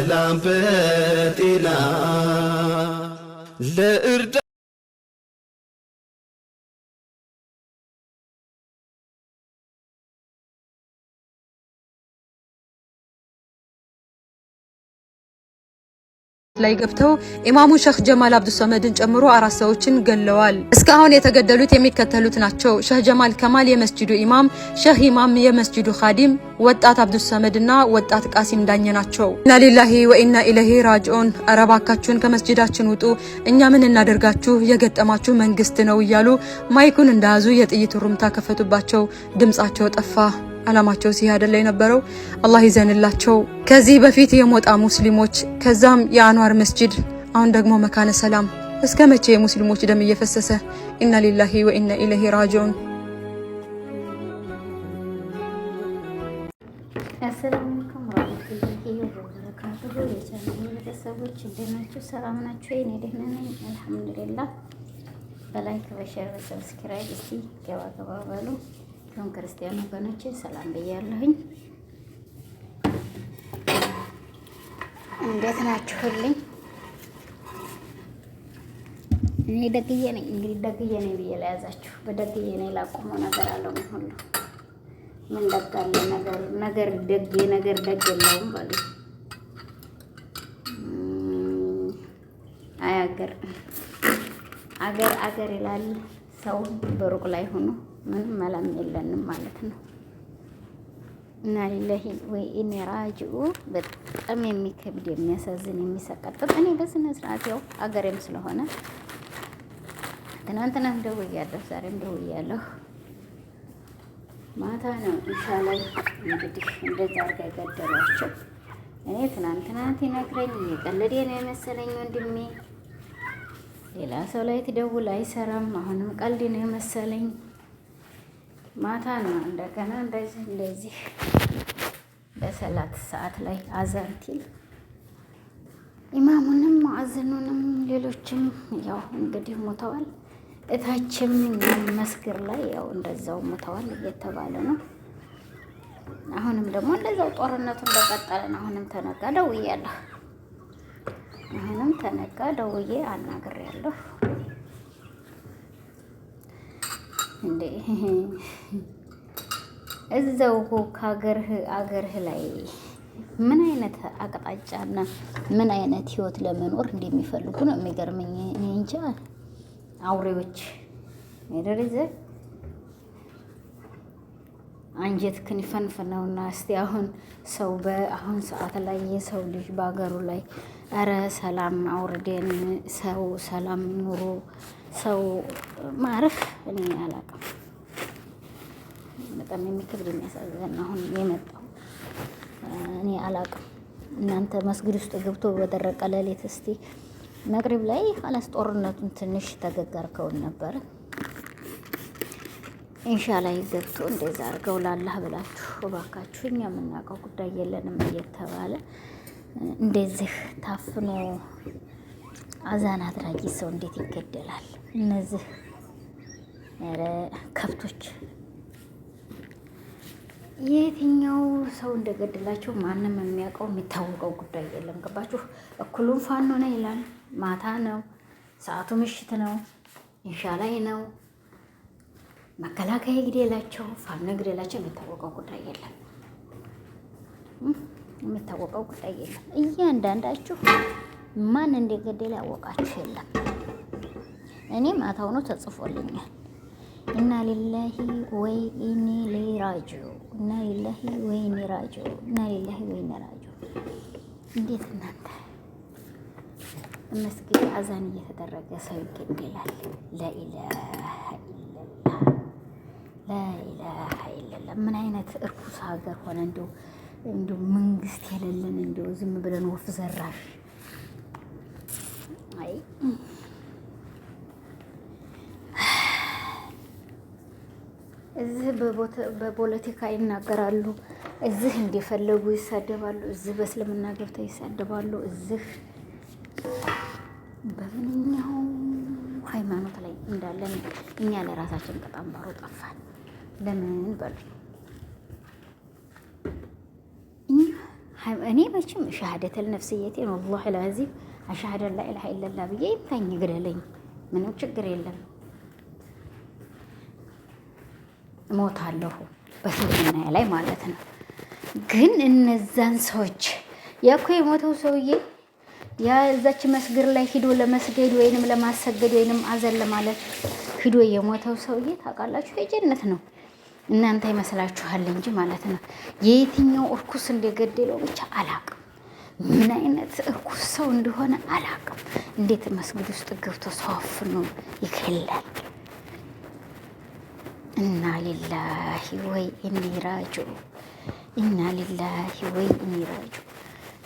በሰላም በጤና ለእርዳ ላይ ገብተው ኢማሙ ሼህ ጀማል አብዱሰመድን ጨምሮ አራት ሰዎችን ገለዋል። እስካሁን የተገደሉት የሚከተሉት ናቸው። ሼህ ጀማል ከማል የመስጂዱ ኢማም፣ ሼህ ኢማም የመስጂዱ ኻዲም፣ ወጣት አብዱሰመድ እና ወጣት ቃሲም ዳኘ ናቸው። ኢና ሊላሂ ወኢና ኢለሂ ራጅዑን። ኧረ ከመስጂዳችን ውጡ፣ እኛ ምን እናደርጋችሁ? የገጠማችሁ መንግስት ነው እያሉ ማይኩን እንደያዙ የጥይት ሩምታ ከፈቱባቸው። ድምጻቸው ጠፋ። አላማቸው ሲህ አይደለ የነበረው። አላህ ይዘንላቸው። ከዚህ በፊት የሞጣ ሙስሊሞች፣ ከዛም የአንዋር መስጂድ፣ አሁን ደግሞ መካነ ሰላም። እስከ መቼ የሙስሊሞች ደም እየፈሰሰ? ኢና ሊላሂ ወኢና ኢለይሂ ራጂዑን። ቤተሰቦች እንደምን ናችሁ? ሰላም ናችሁ? እኔ ደህና ነኝ አልሐምዱሊላህ። በላይክ በሸር በሰብስክራይብ እስቲ ገባ ገባ በሉ። ሁሉም ክርስቲያን ወገኖቼ ሰላም ብያለሁኝ። እንዴት ናችሁልኝ? እኔ ደግዬ ነኝ። እንግዲህ ደግዬ ነኝ ብዬ ለያዛችሁ በደግዬ ነኝ ላቆመው ነገር አለው ነው ሁሉ ምን ደጋለ ነገር ነገር ደግ ነገር ደግ የለውም በሉ አይ አገር አገር አገር ይላል ሰው በሩቅ ላይ ሆኖ ምንም መላም የለንም ማለት ነው። እና ሊላሂ ወይ እኔ ራጅኡ በጣም የሚከብድ የሚያሳዝን የሚሰቀጥጥ እኔ በስነ ስርዓት ያው አገሬም ስለሆነ ትናንትናም ደውያለሁ፣ ዛሬም ደውያለሁ። ማታ ነው ኢንሻላህ እንግዲህ እንደዛ አድርጋ የገደሏቸው። እኔ ትናንትና ይነግረኝ የቀለዴ ነው የመሰለኝ ወንድሜ። ሌላ ሰው ላይ ትደውል አይሰራም። አሁንም ቀልድ ነው የመሰለኝ ማታ ነው እንደገና እንደዚህ እንደዚህ በሰላት ሰዓት ላይ አዘንቲል ኢማሙንም አዘኑንም ሌሎችም ያው እንግዲህ ሞተዋል። እታችም መስግር ላይ ያው እንደዛው ሞተዋል እየተባለ ነው። አሁንም ደግሞ እንደዛው ጦርነቱ እንደቀጠለን አሁንም ተነጋ ደውዬ አለሁ። አሁንም ተነጋ ደውዬ አናግሬያለሁ። እንዴ እዛው እኮ ከአገርህ አገርህ ላይ ምን አይነት አቅጣጫና ምን አይነት ህይወት ለመኖር እንደሚፈልጉ ነው የሚገርመኝ። እንጃ አውሬዎች ደረዘ አንጀት እስቲ አሁን ሰው በአሁን ሰዓት ላይ የሰው ልጅ በአገሩ ላይ ኧረ ሰላም አውርደን ሰው ሰላም ኑሮ ሰው ማረፍ እኔ አላውቅም። በጣም የሚከብድ የሚያሳዝን አሁን የመጣው እኔ አላውቅም። እናንተ መስጊድ ውስጥ ገብቶ በደረቀ ሌሊት እስቲ መቅሪብ ላይ ኋላስ ጦርነቱን ትንሽ ተገጋርከውን ኢንሻ ላይ ገብቶ እንደዛ አድርገው ላላህ ብላችሁ እባካችሁ፣ እኛ የምናውቀው ጉዳይ የለንም እየተባለ እንደዚህ ታፍኖ አዛን አድራጊ ሰው እንዴት ይገደላል? እነዚህ ኧረ ከብቶች የትኛው ሰው እንደገደላቸው ማንም የሚያውቀው የሚታወቀው ጉዳይ የለም። ገባችሁ? እኩሉም ፋኖ ነው ይላል። ማታ ነው ሰዓቱ፣ ምሽት ነው፣ እንሻ ላይ ነው። መከላከያ ግደላቸው፣ ፋኖ ግደላቸው፣ የሚታወቀው ጉዳይ የለም። የሚታወቀው ጉዳይ የለም። እያንዳንዳችሁ ማን እንደገደለ ያወቃችሁ የለም። እኔ ማታው ነው ተጽፎልኛል። እና ሊላሂ ወይ ኢኒ ራጁ እና ሊላሂ ወይ ኒ ራጁ እና ሊላሂ ወይ ኒ ራጁ። እንዴት እናንተ መስጊድ አዛን እየተደረገ ሰው ይገደላል? ላኢላሃ ኢለላህ ላኢላሃ ኢለላህ። ምን አይነት እርኩስ ሀገር ሆነ! እንዲ እንዲ መንግስት የሌለን እንዲ ዝም ብለን ወፍ ዘራሽ አይ እዚህ በፖለቲካ ይናገራሉ፣ እዚህ እንደፈለጉ ይሳደባሉ፣ እዚህ በእስልምና ገብተው ይሳደባሉ፣ እዚህ በምንኛው ሃይማኖት ላይ እንዳለን እኛ ለራሳችን ቀጣምባሮ ጠፋን። ለምን በሉ እኔ መቼም ሻሃደተል ነፍስየቴን ወላሂ ላዚም አሻሃደ ላ ኢላሀ ብዬ ይምታኝ ግደለኝ፣ ምንም ችግር የለም ሞታለሁ በህሊናዬ ላይ ማለት ነው። ግን እነዛን ሰዎች ያኮ የሞተው ሰውዬ ያ እዛች መስግር ላይ ሂዶ ለመስገድ ወይንም ለማሰገድ ወይንም አዘን ለማለት ሂዶ የሞተው ሰውዬ ታውቃላችሁ የጀነት ነው። እናንተ ይመስላችኋል እንጂ ማለት ነው። የየትኛው እርኩስ እንደገደለው ብቻ አላቅም። ምን አይነት እኩስ ሰው እንደሆነ አላውቅም። እንዴት መስጊድ ውስጥ ገብቶ ሰው አፍኖ ይገላል? እና ሊላሂ ወይ እኒራጁ እና ሊላሂ ወይ እኒራጁ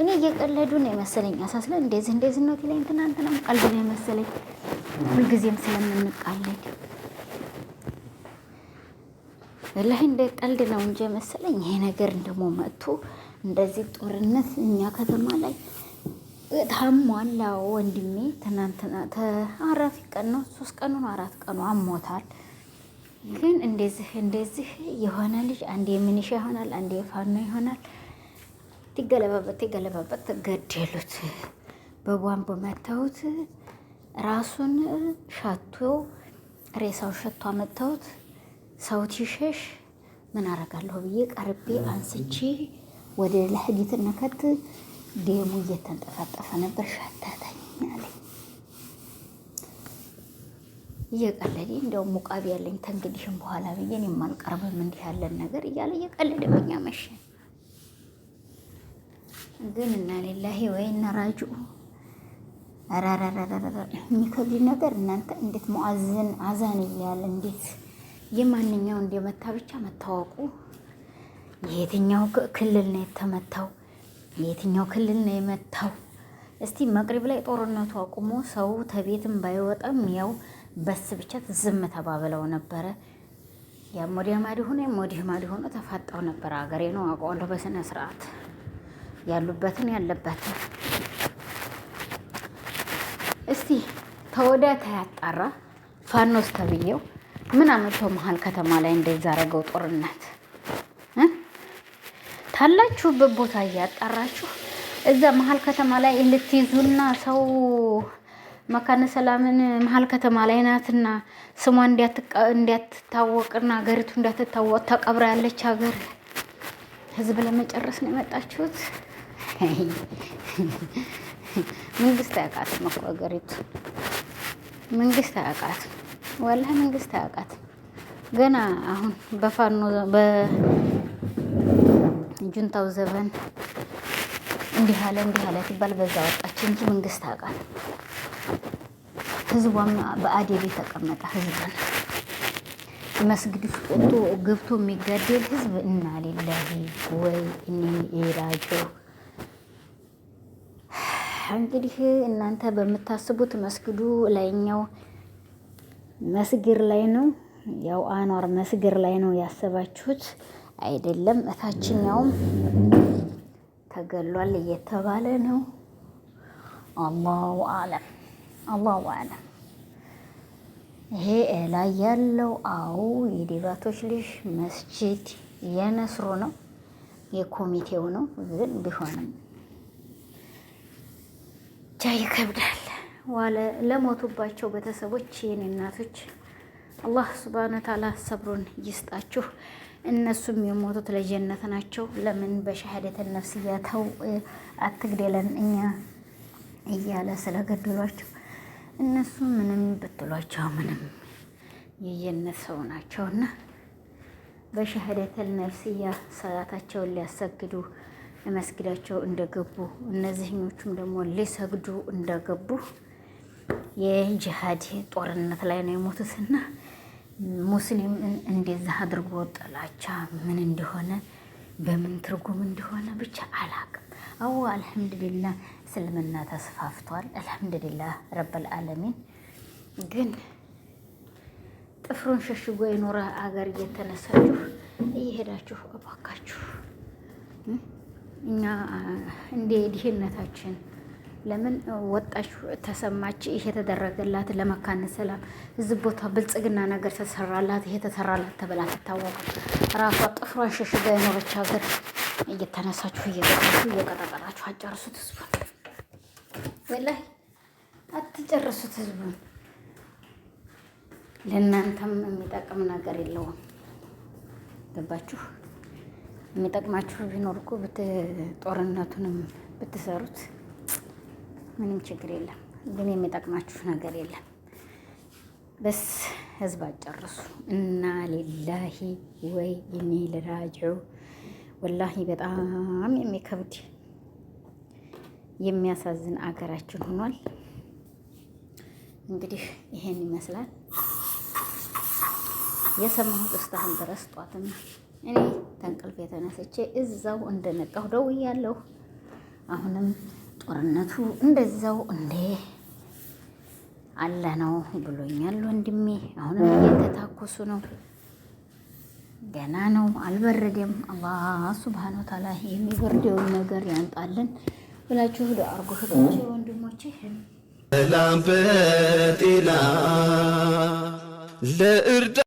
እኔ እየቀለዱ ነው የመሰለኝ አሳስለ እንደዚህ እንደዚህ ነው ቢለኝ ትናንትናም ቀልድ ነው የመሰለኝ ሁልጊዜም ስለምንቃለድ ወላሂ እንደ ቀልድ ነው እንጂ የመሰለኝ ይሄ ነገር እንደሞ መጥቶ እንደዚህ ጦርነት እኛ ከተማ ላይ ታሟል ወንድሜ። ትናንትና አራት ቀን ነው ሶስት ነው አራት ቀኑ አሞታል። ግን እንደዚህ እንደዚህ የሆነ ልጅ አንዴ ምንሻ ይሆናል፣ አንዴ የፋኖ ይሆናል። ትገለባበት ትገለባበት ገደሉት። በቧን መተውት ራሱን ሸቶ ሬሳው ሸቶ አመተውት ሰው ትሸሽ ምን አረጋለሁ ብዬ ቀርቤ አንስቼ ወደ ሌላ ነከት ደሙ እየተንጠፋጠፈ ነበር። ሻታታኝ አለኝ እየቀለደ እንደው ሙቃቢ ያለኝ ተንግዲሽን በኋላ ብዬን የማልቀርብም እንዲህ ያለን ነገር እያለ እየቀለደ በኛ መሸ። ግን እና ሌላሂ ወይ እና ራጅኡ የሚከብድ ነገር እናንተ እንዴት ሙአዝን አዛን እያለ እንዴት የማንኛው እንደመታ ብቻ መታወቁ የትኛው ክልል ነው የተመታው? የትኛው ክልል ነው የመታው? እስቲ መቅሪብ ላይ ጦርነቱ አቁሞ ሰው ተቤትም ባይወጣም ያው በስ ብቻት ዝም ተባብለው ነበረ። ያም ወዲያ ማዲ ሆኖ ያም ወዲህ ማዲ ሆኖ ተፋጣው ነበር። ሀገሬ ነው አውቀዋለሁ በስነ ስርዓት ያሉበትን ያለበትን እስቲ ተወዳ ተያጣራ ፋኖስ ተብዬው ምን አመቶ መሀል ከተማ ላይ እንደዛ ጦርነት ካላችሁበት ቦታ እያጣራችሁ እዛ መሀል ከተማ ላይ እንድትይዙና ሰው መካነ ሰላምን መሀል ከተማ ላይ ናትና ስሟ እንዲያትታወቅና ሀገሪቱ እንዲያትታወቅ ተቀብራ ያለች ሀገር ህዝብ ለመጨረስ ነው የመጣችሁት። መንግስት አያውቃትም እኮ ሀገሪቱ፣ መንግስት አያውቃትም፣ ወላሂ መንግስት አያውቃትም። ገና አሁን በፋኖ ጁንታው ዘበን እንዲህ አለ እንዲህ አለ ሲባል በዛ ወጣች እንጂ መንግስት አውቃል። ህዝቧም በአዴብ የተቀመጠ ህዝብ ነው። መስጊድ ገብቶ የሚጋደል ህዝብ እና ሊላሂ ወይ እኔ ኢራጆ እንግዲህ እናንተ በምታስቡት መስጊዱ ላይኛው መስጊር ላይ ነው ያው አኗር መስግር ላይ ነው ያሰባችሁት። አይደለም እታችኛውም ተገሏል እየተባለ ነው። አላሁ አለም አላሁ አለም። ይሄ ላይ ያለው አው የዲባቶች ልጅ መስጂድ የነስሩ ነው የኮሚቴው ነው። ግን ቢሆንም ጃ ይከብዳል። ዋለ ለሞቱባቸው ቤተሰቦች የኔ እናቶች አላህ ሱብሃነ ወተዓላ ሰብሩን ይስጣችሁ። እነሱም የሞቱት ለጀነት ናቸው። ለምን በሻሃደተ ነፍስያ ተው አትግደለን እኛ እያለ ስለገደሏቸው እነሱ ምንም ብትሏቸው ምንም የጀነት ሰው ናቸውና በሻሃደተ ነፍስያ ሰላታቸውን ሊያሰግዱ መስጊዳቸው እንደገቡ እነዚህኞቹም ደግሞ ሊሰግዱ እንደገቡ የጂሃድ ጦርነት ላይ ነው የሞቱትና ሙስሊምን እንደዚህ አድርጎ ጥላቻ ምን እንደሆነ በምን ትርጉም እንደሆነ ብቻ አላቅም። አዎ አልሐምዱሊላህ እስልምና ተስፋፍቷል። አልሐምዱሊላህ ረበል አለሚን ግን ጥፍሩን ሸሽጎ የኖረ አገር እየተነሳችሁ እየሄዳችሁ እባካችሁ እኛ እንደ ድህነታችን ለምን ወጣች ተሰማች? ይሄ የተደረገላት ለመካነ ሰላም እዚህ ቦታ ብልጽግና ነገር ተሰራላት፣ ይሄ ተሰራላት ተብላ ትታወቀ ራሷ ጥፍሯ ሸሽጋ የኖረች ሀገር እየተነሳችሁ እየቀጣችሁ እየቀጠቀጣችሁ አጨርሱት ህዝቡን፣ ወላሂ አትጨርሱት ህዝቡን። ለእናንተም የሚጠቅም ነገር የለውም። ገባችሁ? የሚጠቅማችሁ ቢኖርኩ ጦርነቱንም ብትሰሩት ምንም ችግር የለም፣ ግን የሚጠቅማችሁ ነገር የለም። በስ ህዝብ አጨርሱ። እና ሌላሂ ወይ እኒ ልራጅዑ ወላሂ በጣም የሚከብድ የሚያሳዝን አገራችን ሆኗል። እንግዲህ ይሄን ይመስላል የሰማሁት እስካሁን ድረስ። ጧትም እኔ ተንቅልፍ የተነስቼ እዛው እንደነቃሁ ደውያለሁ አሁንም ጦርነቱ እንደዛው እንደ አለ ነው ብሎኛል ወንድሜ። አሁንም እየተታኮሱ ነው። ገና ነው፣ አልበረደም። አላህ ሱብሃነሁ ወተዓላ የሚበርደውን ነገር ያንጣልን ብላችሁ ዶ አርጎ ህቶች ወንድሞቼ ሰላም በጤና ለእርዳ